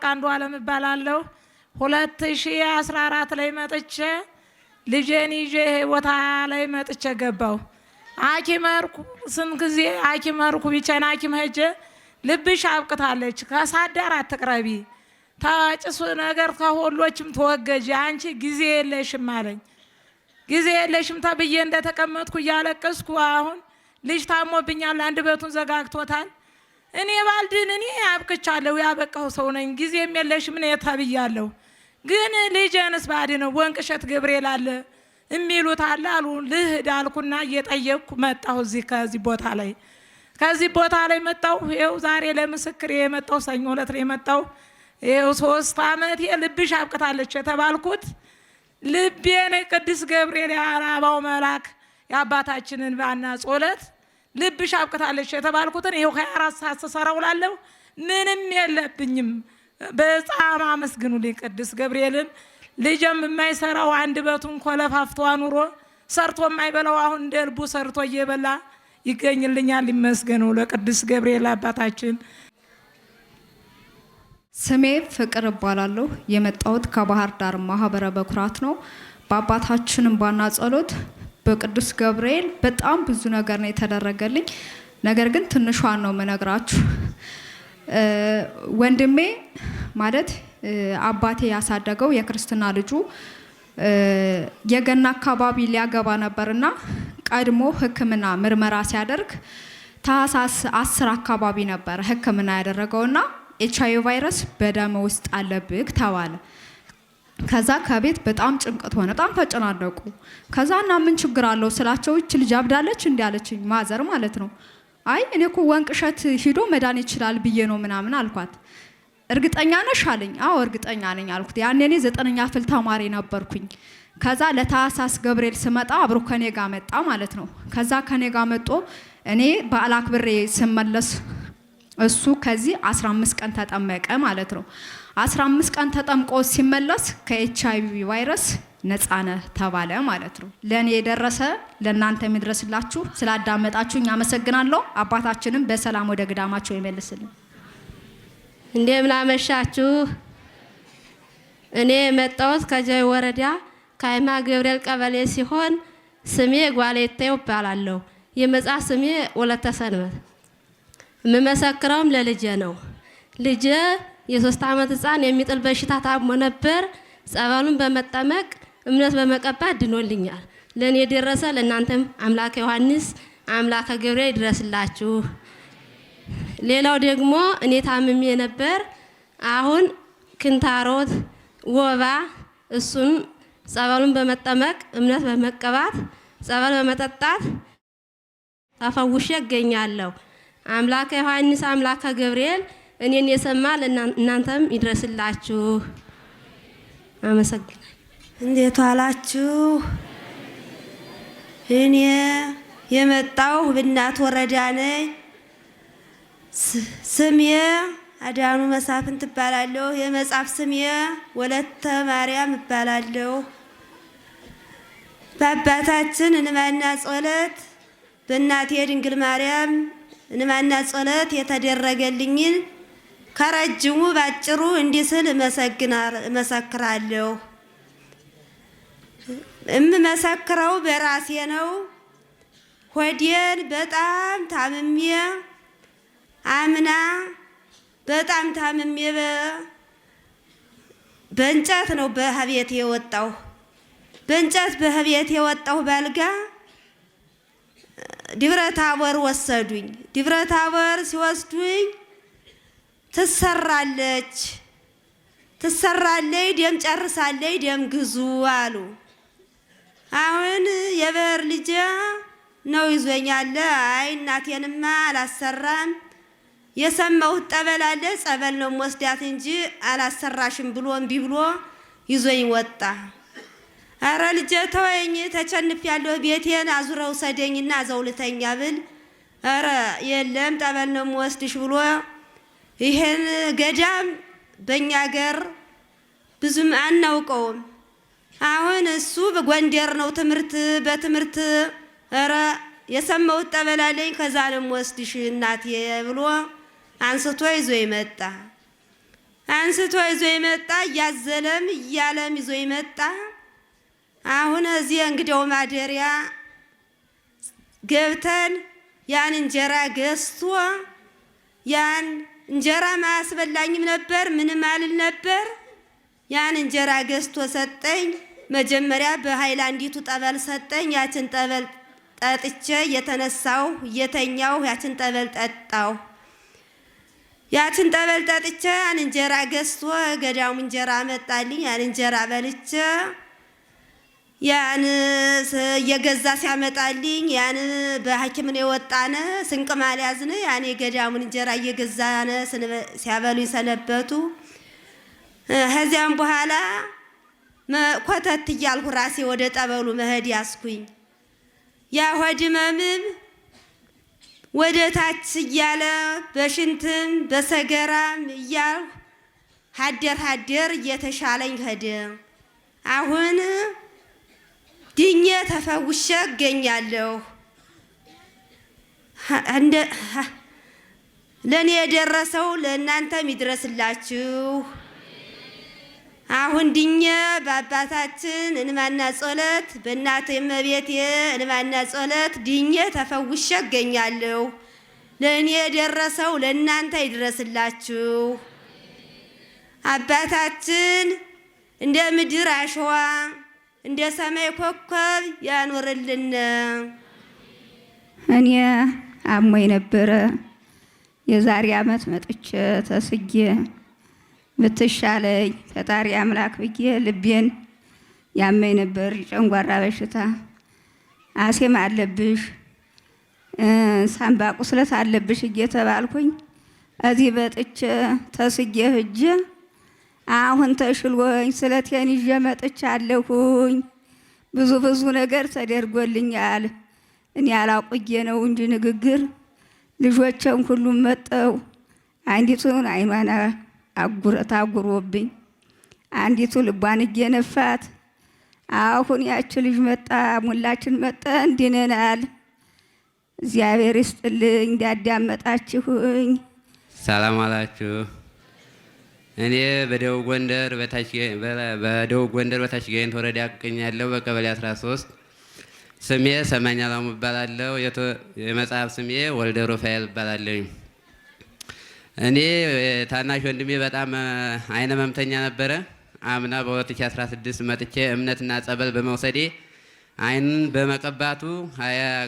ወርቅ አንዱ አለም እባላለሁ። ሁለት ሺህ አስራ አራት ላይ መጥቼ ልጄን ይዤ ቦታ ላይ መጥቼ ገባሁ። ሐኪም ሄድኩ። ስንት ጊዜ ሐኪም ሄድኩ። ብቻዬን ሐኪም ሄጄ ልብሽ አብቅታለች፣ ከሳዳር አትቅረቢ፣ ታጭሱ ነገር ከሆሎችም ተወገጅ፣ አንቺ ጊዜ የለሽም አለኝ። ጊዜ የለሽም ተብዬ እንደተቀመጥኩ እያለቀስኩ አሁን ልጅ ታሞብኛል፣ አንድ በቱን ዘጋግቶታል እኔ ባልድን እኔ ያብቅቻለሁ ያበቃው ሰው ነኝ። ጊዜ የለሽም ምን ተብያለሁ። ግን ልጄንስ ባድ ነው ወንቅሸት ገብርኤል አለ የሚሉት አለ አሉ። ልሂድ አልኩና እየጠየቅኩ መጣሁ እዚህ ከዚህ ቦታ ላይ ከዚህ ቦታ ላይ መጣሁ። ይኸው ዛሬ ለምስክር የመጣው ሰኞ ዕለት ነው የመጣሁ። ይኸው ሶስት ዓመት ልብሽ አብቅታለች የተባልኩት ልቤን ቅዱስ ገብርኤል የአራባው መልአክ የአባታችንን ባና ጾለት ልብሽ አብቅታለች የተባልኩትን ይኸው ከሀያ አራት ሰዓት ስሰራው ላለሁ ምንም የለብኝም። በጣም አመስግኑልኝ ቅዱስ ገብርኤልን። ልጅም የማይሰራው አንድ በቱን ኮለፋፍቷ ኑሮ ሰርቶ የማይበላው አሁን እንደ ልቡ ሰርቶ እየበላ ይገኝልኛል። ሊመስገኑ ለቅዱስ ገብርኤል አባታችን። ስሜ ፍቅር እባላለሁ። የመጣሁት ከባህር ዳር ማህበረ በኩራት ነው። በአባታችን እንባና ጸሎት በቅዱስ ገብርኤል በጣም ብዙ ነገር ነው የተደረገልኝ። ነገር ግን ትንሿን ነው የምነግራችሁ። ወንድሜ ማለት አባቴ ያሳደገው የክርስትና ልጁ የገና አካባቢ ሊያገባ ነበርና ቀድሞ ሕክምና ምርመራ ሲያደርግ ታህሳስ አስር አካባቢ ነበር ሕክምና ያደረገውና ኤች አይ ቪ ቫይረስ በደም ውስጥ አለብክ ተባለ። ከዛ ከቤት በጣም ጭንቀት ሆነ። በጣም ተጨናነቁ። ከዛ እና ምን ችግር አለው ስላቸው እች ልጅ አብዳለች እንዲ ያለችኝ ማዘር ማለት ነው። አይ እኔ ኮ ወንቅ እሸት ሂዶ መዳን ይችላል ብዬ ነው ምናምን አልኳት። እርግጠኛ ነሽ አለኝ። አዎ እርግጠኛ ነኝ አልኩት። ያኔ እኔ ዘጠነኛ ክፍል ተማሪ ነበርኩኝ። ከዛ ለታህሳስ ገብርኤል ስመጣ አብሮ ከኔ ጋር መጣ ማለት ነው። ከዛ ከኔ ጋር መጦ እኔ በዓል አክብሬ ስመለስ እሱ ከዚህ 15 ቀን ተጠመቀ ማለት ነው። 15 ቀን ተጠምቆ ሲመለስ ከኤች አይ ቪ ቫይረስ ነፃ ነህ ተባለ ማለት ነው። ለእኔ የደረሰ ለእናንተ የሚደረስላችሁ። ስላዳመጣችሁኝ አመሰግናለሁ። አባታችንም በሰላም ወደ ግዳማቸው ይመልስልን። እንደምን አመሻችሁ። እኔ የመጣሁት ከጃዊ ወረዳ ከአይማ ገብርኤል ቀበሌ ሲሆን ስሜ ጓሌቴው እባላለሁ። የመጻ ስሜ ወለተ ሰንበት። የምመሰክረውም ለልጄ ነው። ልጄ የሶስት ዓመት ህፃን የሚጥል በሽታ ታሞ ነበር። ጸበሉን በመጠመቅ እምነት በመቀባት ድኖልኛል። ለእኔ የደረሰ ለእናንተም አምላከ ዮሐንስ አምላከ ገብርኤል ይድረስላችሁ። ሌላው ደግሞ እኔ ታምሜ ነበር። አሁን ክንታሮት፣ ወባ እሱን ጸበሉን በመጠመቅ እምነት በመቀባት ጸበል በመጠጣት ተፈውሼ እገኛለሁ። አምላከ ዮሐንስ አምላከ ገብርኤል እኔን የሰማ እናንተም ይድረስላችሁ። አመሰግናል። እንዴት ዋላችሁ? እኔ የመጣው ብናት ወረዳ ነኝ። ስሜ አዳኑ መሳፍን ትባላለሁ። የመጽሐፍ ስሜ ወለተ ማርያም እባላለሁ። በአባታችን እንማና ጸሎት በእናቴ ድንግል ማርያም እንማና ጸሎት የተደረገልኝን ከረጅሙ ባጭሩ እንዲህ ስል እመሰክራለሁ። እምመሰክረው በራሴ ነው። ሆዴን በጣም ታምሜ አምና በጣም ታምሜ በእንጨት ነው በህቤት የወጣሁ በእንጨት በህቤት የወጣሁ ባልጋ ድብረታበር ወሰዱኝ። ድብረ ሲወስዱኝ ትሰራለች ትሰራለይ ደም ጨርሳለይ ደም ግዙ አሉ። አሁን የበር ልጅ ነው ይዞኛል። አይ እናቴንማ አላሰራም የሰማሁት ጠበል አለ ጸበል ነው ወስዳት እንጂ አላሰራሽም ብሎ እምቢ ብሎ ይዞኝ ወጣ። አረ ልጄ ተወኝ፣ ተቸንፍ ያለው ቤቴን አዙረው ሰደኝና ዘውልተኛ ብል አረ የለም ጠበል ነው ወስድሽ ብሎ ይሄን ገዳም በእኛ ሀገር ብዙም አናውቀውም። አሁን እሱ በጎንደር ነው ትምህርት በትምህርት ረ የሰማሁት ጠበላ ከዛ ደግሞ ወስድሽ እናቴ ብሎ አንስቶ ይዞ ይመጣ አንስቶ ይዞ ይመጣ እያዘለም እያለም ይዞ ይመጣ። አሁን እዚህ እንግዲያው ማደሪያ ገብተን ያን እንጀራ ገዝቶ ያን እንጀራም አያስበላኝም ነበር፣ ምንም አልል ነበር። ያን እንጀራ ገዝቶ ሰጠኝ። መጀመሪያ በሀይላንዲቱ ጠበል ሰጠኝ። ያችን ጠበል ጠጥቼ እየተነሳው እየተኛው ያችን ጠበል ጠጣው። ያችን ጠበል ጠጥቼ ያን እንጀራ ገዝቶ ገዳሙ እንጀራ መጣልኝ። ያን እንጀራ በልቼ ያን የገዛ ሲያመጣልኝ ያን በሐኪምን የወጣነ ስንቅ ማልያዝነ ያን የገዳሙን እንጀራ እየገዛነ ሲያበሉኝ ሰነበቱ። ከዚያም በኋላ ኮተት እያልኩ ራሴ ወደ ጠበሉ መሄድ ያስኩኝ። ያ ሆድ መምም ወደ ታች እያለ በሽንትም በሰገራም እያልኩ ሀደር ሀደር እየተሻለኝ ሄደ አሁን ድኜ ተፈውሼ እገኛለሁ። ለእኔ የደረሰው ለእናንተም ይድረስላችሁ። አሁን ድኜ በአባታችን እንማና ጸሎት በእናት እመቤቴ እንማና ጸሎት ድኜ ተፈውሼ እገኛለሁ። ለእኔ የደረሰው ለእናንተ ይድረስላችሁ። አባታችን እንደ ምድር አሸዋ እንደ ሰማይ ኮከብ ያኖርልን። እኔ አሞኝ ነበረ። የዛሬ ዓመት መጥቼ ተስጌ ብትሻለኝ ፈጣሪ አምላክ ብዬ ልቤን ያመኝ ነበር። የጨንጓራ በሽታ አሴም አለብሽ ሳምባ ቁስለት አለብሽ እየተባልኩኝ እዚህ በጥቼ ተስጌ ህጄ አሁን ተሽሎኝ ስለቴን ይዤ መጥቻለሁኝ። ብዙ ብዙ ነገር ተደርጎልኛል። እኔ አላቆየ ነው እንጂ ንግግር ልጆቼም ሁሉም መጠው አንዲቱን አይኗን አጉረት አጉሮብኝ አንዲቱ ልቧን እየነፋት አሁን ያቺ ልጅ መጣ፣ ሙላችን መጣ እንድነናል። እግዚአብሔር ይስጥልኝ እንዳዳመጣችሁኝ። ሰላም አላችሁ። እኔ በደቡብ ጎንደር በደቡብ ጎንደር በታች ጋይንት ወረዳ እገኛለሁ በቀበሌ 13 ስሜ ሰማኛ ላሙ እባላለሁ። የመጽሐፍ ስሜ ወልደ ሩፋኤል እባላለሁ። እኔ ታናሽ ወንድሜ በጣም አይነ መምተኛ ነበረ። አምና በ2016 መጥቼ እምነትና ጸበል በመውሰዴ አይንን በመቀባቱ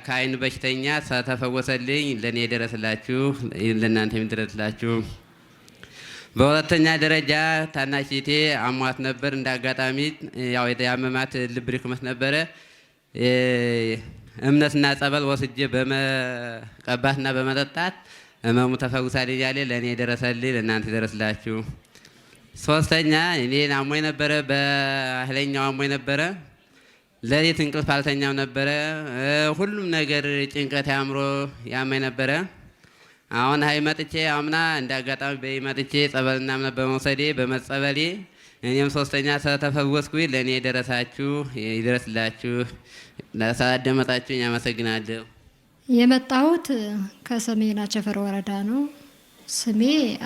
ከአይን በሽተኛ ተፈወሰልኝ። ለእኔ የደረስላችሁ ለእናንተ የሚደረስላችሁ በሁለተኛ ደረጃ ታናሽቴ አሟት ነበር። እንደ አጋጣሚ ያው የአመማት ልብ ድክመት ነበረ። እምነትና ጸበል ወስጄ በመቀባትና በመጠጣት ህመሙ ተፈውሳል እያለ ለእኔ የደረሰልኝ ለእናንተ ይደረስላችሁ። ሶስተኛ እኔን አሞኝ ነበረ፣ በህለኛው አሞኝ ነበረ። ሌሊት እንቅልፍ አልተኛም ነበረ። ሁሉም ነገር ጭንቀት አእምሮ ያመኝ ነበረ። አሁን ሀይ መጥቼ አምና እንደ አጋጣሚ በይ መጥቼ ጸበልና እምነት በመውሰዴ በመጸበሌ እኔም ሶስተኛ ስለተፈወስኩ ለእኔ የደረሳችሁ ይድረስላችሁ። ስላደመጣችሁኝ አመሰግናለሁ። የመጣሁት ከሰሜን አቸፈር ወረዳ ነው። ስሜ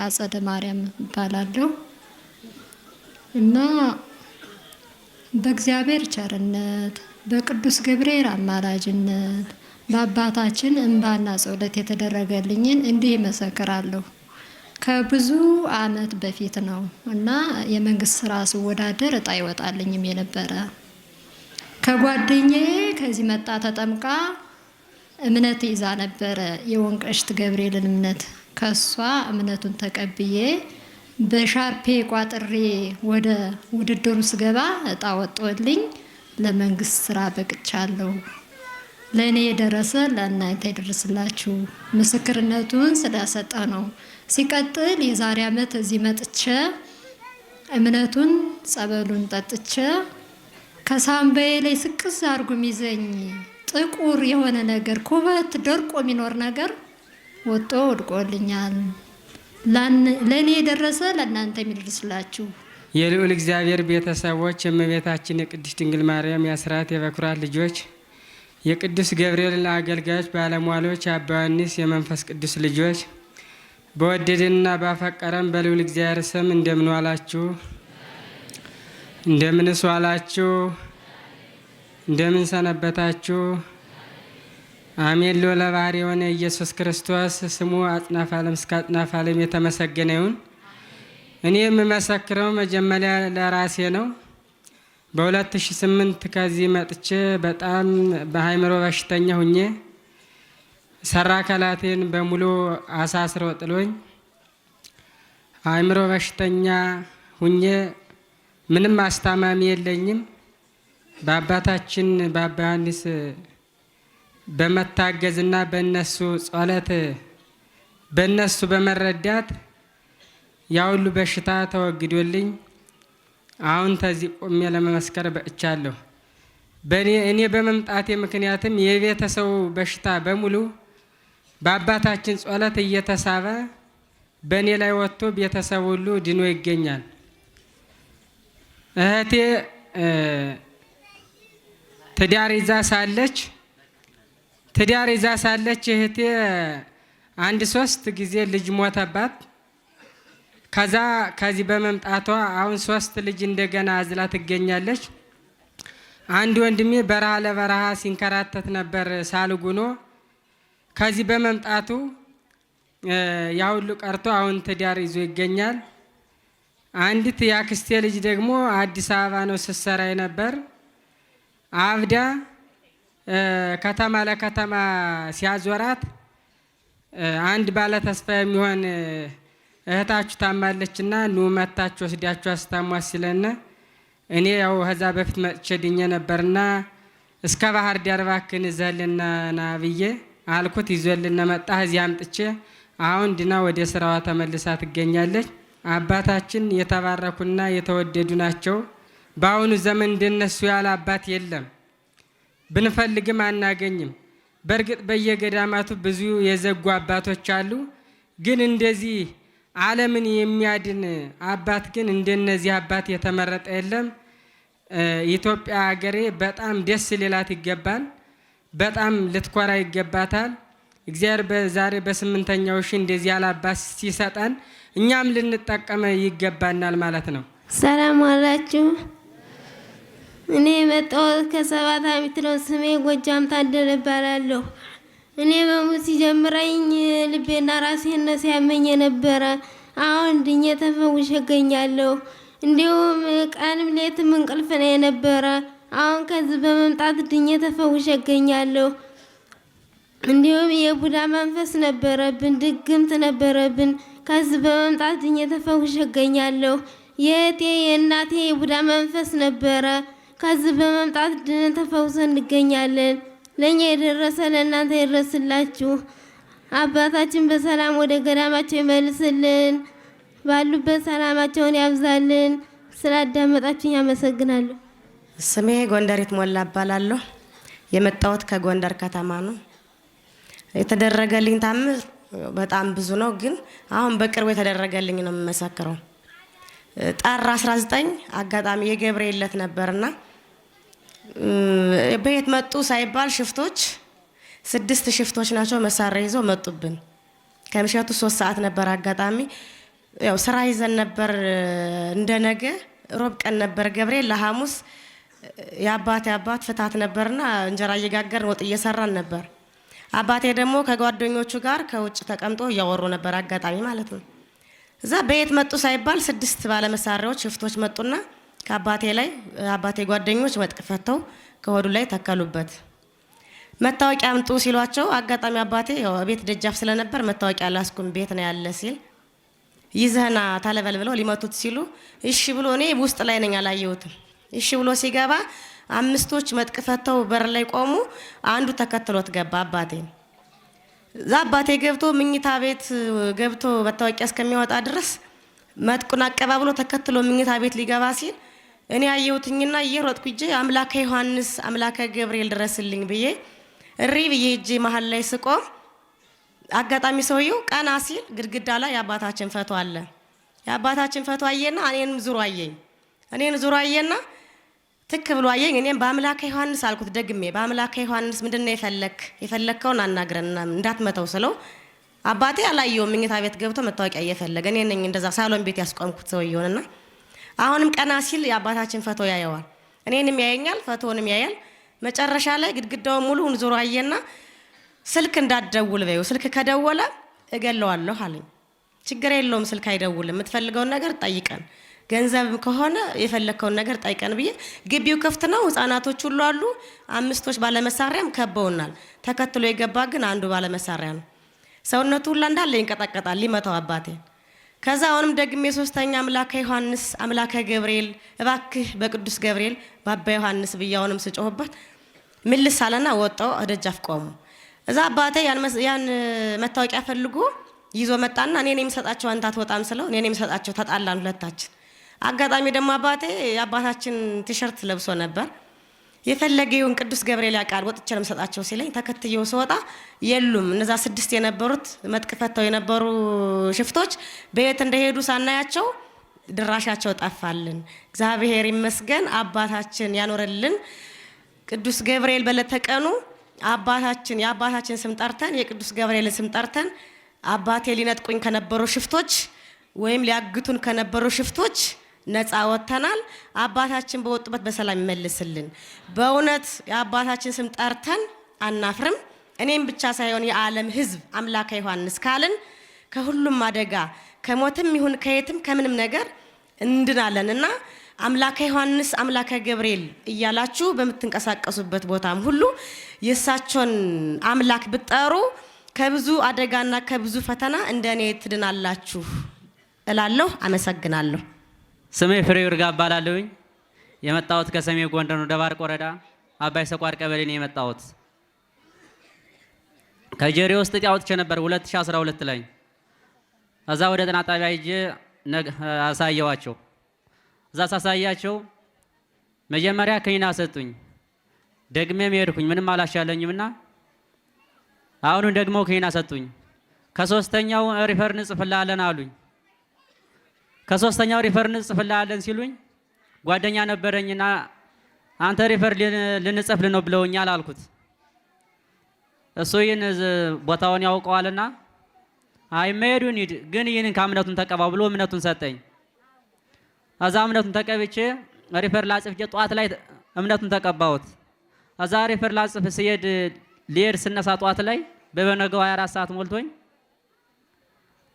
አጸደ ማርያም እባላለሁ እና በእግዚአብሔር ቸርነት በቅዱስ ገብርኤል አማላጅነት በአባታችን እንባና ጸሎት የተደረገልኝን እንዲህ ይመሰክራለሁ። ከብዙ ዓመት በፊት ነው እና የመንግስት ስራ ስወዳደር እጣ ይወጣልኝም የነበረ ከጓደኛዬ ከዚህ መጣ ተጠምቃ እምነት ይዛ ነበረ፣ የወንቀሽት ገብርኤልን እምነት ከሷ እምነቱን ተቀብዬ በሻርፔ ቋጥሬ ወደ ውድድሩ ስገባ እጣ ወጥቶልኝ ለመንግስት ስራ በቅቻለሁ። ለእኔ የደረሰ ለእናንተ ይደርስላችሁ። ምስክርነቱን ስለሰጠ ነው። ሲቀጥል የዛሬ ዓመት እዚህ መጥቼ እምነቱን ጸበሉን ጠጥቼ ከሳምባዬ ላይ ስቅስ አርጉም ይዘኝ ጥቁር የሆነ ነገር ኩበት ደርቆ የሚኖር ነገር ወጦ ወድቆልኛል። ለእኔ የደረሰ ለእናንተ የሚደርስላችሁ። የልዑል እግዚአብሔር ቤተሰቦች፣ እመቤታችን የቅድስት ድንግል ማርያም የአስራት የበኩራት ልጆች የቅዱስ ገብርኤል አገልጋዮች ባለሟሎች፣ የአባ ዮሐንስ የመንፈስ ቅዱስ ልጆች በወደደንና ባፈቀረን በልዑል እግዚአብሔር ስም እንደምን ዋላችሁ? እንደምንስ ዋላችሁ? እንደምን ሰነበታችሁ? አሜን። ሎ ለባህር የሆነ ኢየሱስ ክርስቶስ ስሙ አጽናፍ ዓለም እስከ አጽናፍ ዓለም የተመሰገነ ይሁን። እኔ የምመሰክረው መጀመሪያ ለራሴ ነው። በ2008 ከዚህ መጥቼ በጣም በአእምሮ በሽተኛ ሁኜ ሰራ አካላቴን በሙሉ አሳስረው ጥሎኝ አእምሮ በሽተኛ ሁኜ ምንም አስታማሚ የለኝም። በአባታችን በአባ ዮሐንስ በመታገዝና በእነሱ ጸሎት በእነሱ በመረዳት ያ ሁሉ በሽታ ተወግዶልኝ አሁን ተዚህ ቆሜ ለመመስከር በእቻለሁ። እኔ በመምጣቴ ምክንያትም የቤተሰቡ በሽታ በሙሉ በአባታችን ጸሎት እየተሳበ በእኔ ላይ ወጥቶ ቤተሰብ ሁሉ ድኖ ይገኛል። እህቴ ትዳር ይዛ ሳለች ትዳር ይዛ ሳለች እህቴ አንድ ሶስት ጊዜ ልጅ ሞተባት። ከዛ ከዚህ በመምጣቷ አሁን ሶስት ልጅ እንደገና አዝላ ትገኛለች። አንድ ወንድሜ በረሃ ለበረሃ ሲንከራተት ነበር ሳልጉኖ። ከዚህ በመምጣቱ ያ ሁሉ ቀርቶ አሁን ትዳር ይዞ ይገኛል። አንዲት የአክስቴ ልጅ ደግሞ አዲስ አበባ ነው ስትሰራ ነበር። አብዳ ከተማ ለከተማ ሲያዞራት አንድ ባለተስፋ የሚሆን እህታችሁ ታማለችና ኑ መታችሁ ወስዳችሁ አስታማ ሲለነ እኔ ያው ከዛ በፊት መጥቼ ድኜ ነበርና እስከ ባህር ዳር እባክህን ይዘህልና ና ብዬ አልኩት። ይዞልና መጣ። እዚህ አምጥቼ አሁን ድና ወደ ስራዋ ተመልሳ ትገኛለች። አባታችን የተባረኩና የተወደዱ ናቸው። በአሁኑ ዘመን እንደነሱ ያለ አባት የለም፣ ብንፈልግም አናገኝም። በእርግጥ በየገዳማቱ ብዙ የዘጉ አባቶች አሉ፣ ግን እንደዚህ ዓለምን የሚያድን አባት ግን እንደነዚህ አባት የተመረጠ የለም። ኢትዮጵያ ሀገሬ በጣም ደስ ሊላት ይገባል። በጣም ልትኮራ ይገባታል። እግዚአብሔር በዛሬ በስምንተኛው ሺ እንደዚህ ያለ አባት ሲሰጠን እኛም ልንጠቀመ ይገባናል ማለት ነው። ሰላም አላችሁ። እኔ የመጣሁት ከሰባት አሚት ነው። ስሜ ጎጃም ታደለ እባላለሁ። እኔ መሞት ሲጀምረኝ ልቤና ራሴን ሲያመኝ የነበረ። አሁን ድኜ ተፈውሼ እገኛለሁ። እንዲሁም ቀንም ሌትም እንቅልፍ ነው የነበረ። አሁን ከዚህ በመምጣት ድኜ ተፈውሼ እገኛለሁ። እንዲሁም የቡዳ መንፈስ ነበረብን፣ ድግምት ነበረብን። ከዚህ በመምጣት ድኜ ተፈውሼ እገኛለሁ። የቴ የእናቴ የቡዳ መንፈስ ነበረ። ከዚህ በመምጣት ድነን ተፈውሰን እንገኛለን። ለእኛ የደረሰ ለእናንተ ይድረስላችሁ። አባታችን በሰላም ወደ ገዳማቸው ይመልስልን፣ ባሉበት ሰላማቸውን ያብዛልን። ስላዳመጣችሁኝ አመሰግናለሁ። ስሜ ጎንደሪት ሞላ እባላለሁ። የመጣሁት ከጎንደር ከተማ ነው። የተደረገልኝ ታምር በጣም ብዙ ነው፣ ግን አሁን በቅርቡ የተደረገልኝ ነው የምመሰክረው። ጥር 19 አጋጣሚ የገብርኤል ዕለት ነበርና ቤት መጡ ሳይባል ሽፍቶች ስድስት ሽፍቶች ናቸው። መሳሪያ ይዘው መጡብን። ከምሽቱ ሶስት ሰዓት ነበር። አጋጣሚ ያው ስራ ይዘን ነበር። እንደነገ ሮብ ቀን ነበር ገብርኤል ለሐሙስ የአባቴ አባት ፍታት ነበርና እንጀራ እየጋገርን ወጥ እየሰራን ነበር። አባቴ ደግሞ ከጓደኞቹ ጋር ከውጭ ተቀምጦ እያወሩ ነበር። አጋጣሚ ማለት ነው። እዛ በየት መጡ ሳይባል ስድስት ባለመሳሪያዎች ሽፍቶች መጡና ከአባቴ ላይ አባቴ ጓደኞች መጥቅ ፈተው ከሆዱ ላይ ተከሉበት። መታወቂያ አምጡ ሲሏቸው አጋጣሚ አባቴ ቤት ደጃፍ ስለነበር መታወቂያ ላስኩም ቤት ነው ያለ ሲል ይዘህና ታለበል ብለው ሊመቱት ሲሉ እሺ ብሎ እኔ ውስጥ ላይ ነኝ አላየሁትም። እሺ ብሎ ሲገባ አምስቶች መጥቅ ፈተው በር ላይ ቆሙ። አንዱ ተከትሎት ገባ አባቴ እዛ አባቴ ገብቶ ምኝታ ቤት ገብቶ መታወቂያ እስከሚያወጣ ድረስ መጥቁን አቀባብሎ ተከትሎ ምኝታ ቤት ሊገባ ሲል እኔ አየሁትኝና እየሮጥኩ እጄ አምላከ ዮሐንስ አምላከ ገብርኤል ድረስልኝ ብዬ እሪ ብዬ እጄ መሀል ላይ ስቆም አጋጣሚ ሰውየው ቀና ሲል ግድግዳ ላይ የአባታችን ፈቶ አለ። የአባታችን ፈቶ አየና እኔንም ዙሮ አየኝ። እኔን ዙሮ አየና ትክ ብሎ አየኝ። እኔም በአምላከ ዮሐንስ አልኩት ደግሜ፣ በአምላከ ዮሐንስ ምንድነ የፈለክ የፈለግከውን አናግረንና እንዳትመተው ስለው አባቴ አላየውም። ምኝታ ቤት ገብቶ መታወቂያ እየፈለገ እኔ ነኝ እንደዛ ሳሎን ቤት ያስቆምኩት ሰውየውንና አሁንም ቀና ሲል የአባታችን ፈቶ ያየዋል፣ እኔንም ያየኛል፣ ፈቶንም ያያል። መጨረሻ ላይ ግድግዳውን ሙሉውን ዞሮ አየና ስልክ እንዳትደውል በይው፣ ስልክ ከደወለ እገለዋለሁ አለኝ። ችግር የለውም ስልክ አይደውልም፣ የምትፈልገውን ነገር ጠይቀን፣ ገንዘብ ከሆነ የፈለግከውን ነገር ጠይቀን ብዬ ግቢው ክፍት ነው፣ ህጻናቶች ሁሉ አሉ። አምስቶች ባለመሳሪያም ከበውናል። ተከትሎ የገባ ግን አንዱ ባለመሳሪያ ነው። ሰውነቱ ሁላ እንዳለ ይንቀጠቀጣል፣ ሊመታው አባቴ ከዛ አሁንም ደግሜ ሶስተኛ አምላከ ዮሐንስ አምላከ ገብርኤል እባክህ በቅዱስ ገብርኤል በአባ ዮሐንስ ብዬ አሁንም ስጮህበት ምልስ አለና ወጣው። ደጃፍ ቆሙ። እዛ አባቴ ያን መታወቂያ ፈልጎ ይዞ መጣና እኔ ነው የምሰጣቸው አንተ አትወጣም ስለው እኔ ነው የምሰጣቸው ተጣላን ሁለታችን። አጋጣሚ ደግሞ አባቴ የአባታችን ቲሸርት ለብሶ ነበር የፈለገውን ቅዱስ ገብርኤል ያውቃል ወጥቼ ነው ሲለኝ ተከትየው ስወጣ የሉም። እነዛ ስድስት የነበሩት መጥቅ ፈተው የነበሩ ሽፍቶች በየት እንደሄዱ ሳናያቸው ድራሻቸው ጠፋልን። እግዚአብሔር ይመስገን አባታችን ያኖረልን ቅዱስ ገብርኤል በለተቀኑ አባታችን የአባታችን ስም ጠርተን የቅዱስ ገብርኤል ስም ጠርተን አባቴ ሊነጥቁኝ ከነበሩ ሽፍቶች ወይም ሊያግቱን ከነበሩ ሽፍቶች ነፃ ወጥተናል። አባታችን በወጡበት በሰላም ይመልስልን። በእውነት የአባታችን ስም ጠርተን አናፍርም። እኔም ብቻ ሳይሆን የዓለም ሕዝብ አምላከ ዮሐንስ ካልን ከሁሉም አደጋ ከሞትም ይሁን ከየትም ከምንም ነገር እንድናለን እና አምላከ ዮሐንስ አምላከ ገብርኤል እያላችሁ በምትንቀሳቀሱበት ቦታም ሁሉ የእሳቸውን አምላክ ብትጠሩ ከብዙ አደጋና ከብዙ ፈተና እንደ እኔ ትድናላችሁ እላለሁ። አመሰግናለሁ። ስሜ ፍሬ ይርጋ እባላለሁኝ። የመጣሁት ከሰሜን ጎንደር ነው፣ ደባርቅ ወረዳ አባይ ሰቋር ቀበሌ ነው የመጣሁት። ከጀሬ ውስጥ እጢ አውጥቼ ነበር 2012 ላይ። እዛ ወደ ጤና ጣቢያ ሂጄ አሳየዋቸው። እዛ ሳሳያቸው መጀመሪያ ክኒን ሰጡኝ። ደግሜ ሄድኩኝ ምንም አላሻለኝምና አሁንም ደግሞ ክኒን ሰጡኝ። ከሶስተኛው ሪፈርን ጽፍላለን አሉኝ። ከሶስተኛው ሪፈር እንጽፍልሃለን ሲሉኝ ጓደኛ ነበረኝና አንተ ሪፈር ልንጽፍልህ ነው ብለውኛል አልኩት። እሱ ይህን ቦታውን ያውቀዋልና አይ መሄዱን ሂድ ግን ይህንን ከእምነቱን ተቀባ ብሎ እምነቱን ሰጠኝ። እዛ እምነቱን ተቀብቼ ሪፈር ላጽፍ ጠዋት ላይ እምነቱን ተቀባሁት። እዛ ሪፈር ላጽፍ ስሄድ ልሄድ ስነሳ ጠዋት ላይ በበነገው 24 ሰዓት ሞልቶኝ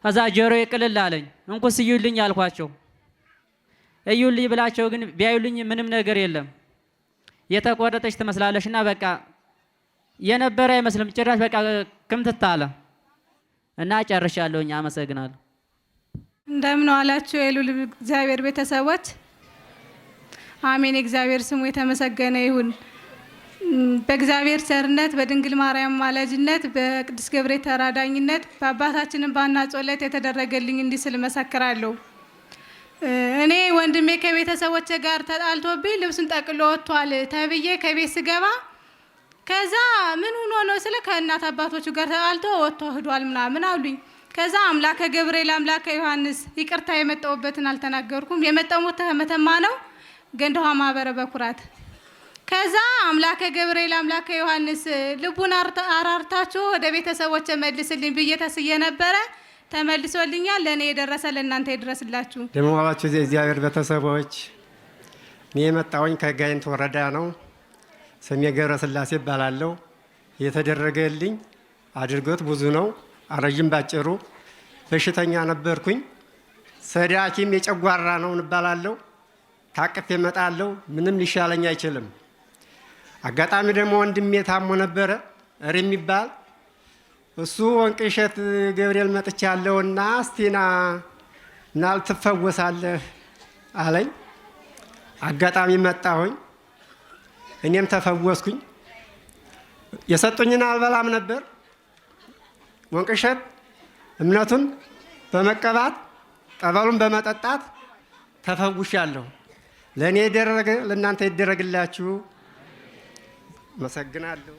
ከዛ ጆሮ ቅልል አለኝ። እንኩስ እዩልኝ አልኳቸው። እዩልኝ ብላቸው ግን ቢያዩልኝ ምንም ነገር የለም። የተቆረጠች ትመስላለች እና በቃ የነበረ አይመስልም ጭራሽ በቃ ክምትት አለ እና ጨርሻለሁኝ። አመሰግናለሁ። እንደምን አላችሁ የሉል እግዚአብሔር ቤተሰቦች። አሜን። እግዚአብሔር ስሙ የተመሰገነ ይሁን። በእግዚአብሔር ቸርነት በድንግል ማርያም ማለጅነት በቅዱስ ገብርኤል ተራዳኝነት በአባታችንም ባና ጾለት የተደረገልኝ እንዲህ ስል መሰክራለሁ። እኔ ወንድሜ ከቤተሰቦች ጋር ተጣልቶብኝ ልብሱን ጠቅሎ ወጥቷል ተብዬ ከቤት ስገባ ከዛ ምን ሆኖ ነው ስለ ከእናት አባቶቹ ጋር ተጣልቶ ወጥቶ ህዷል ምናምን አሉኝ። ከዛ አምላከ ገብርኤል አምላከ ዮሐንስ ይቅርታ የመጣሁበትን አልተናገርኩም። የመጣሁት መተማ ነው ገንደኋ ማህበረ በኩራት ከዛ አምላከ ገብርኤል አምላከ ዮሐንስ ልቡን አራርታችሁ ወደ ቤተሰቦች መልስልኝ ብዬ ተስዬ ነበረ። ተመልሶልኛል። ለእኔ የደረሰ ለእናንተ ይድረስላችሁ። ደሞባችሁ የእግዚአብሔር ቤተሰቦች፣ እኔ የመጣውኝ ከጋይንት ወረዳ ነው። ስሜ ገብረ ስላሴ ይባላለሁ። የተደረገልኝ አድርጎት ብዙ ነው። አረዥም ባጭሩ በሽተኛ ነበርኩኝ። ሰዳኪም የጨጓራ ነው እንባላለሁ። ታቅፌ እመጣለሁ። ምንም ሊሻለኝ አይችልም። አጋጣሚ ደግሞ ወንድሜ ታሞ ነበረ እር የሚባል እሱ ወንቅ እሸት ገብርኤል መጥቻ ያለውና እስቲና ናልትፈወሳለህ አለኝ። አጋጣሚ መጣሁኝ፣ እኔም ተፈወስኩኝ። የሰጡኝን አልበላም ነበር። ወንቅ እሸት እምነቱን በመቀባት ጠበሉን በመጠጣት ተፈውሻለሁ። ለእኔ ይደረግ፣ ለእናንተ ይደረግላችሁ። አመሰግናለሁ።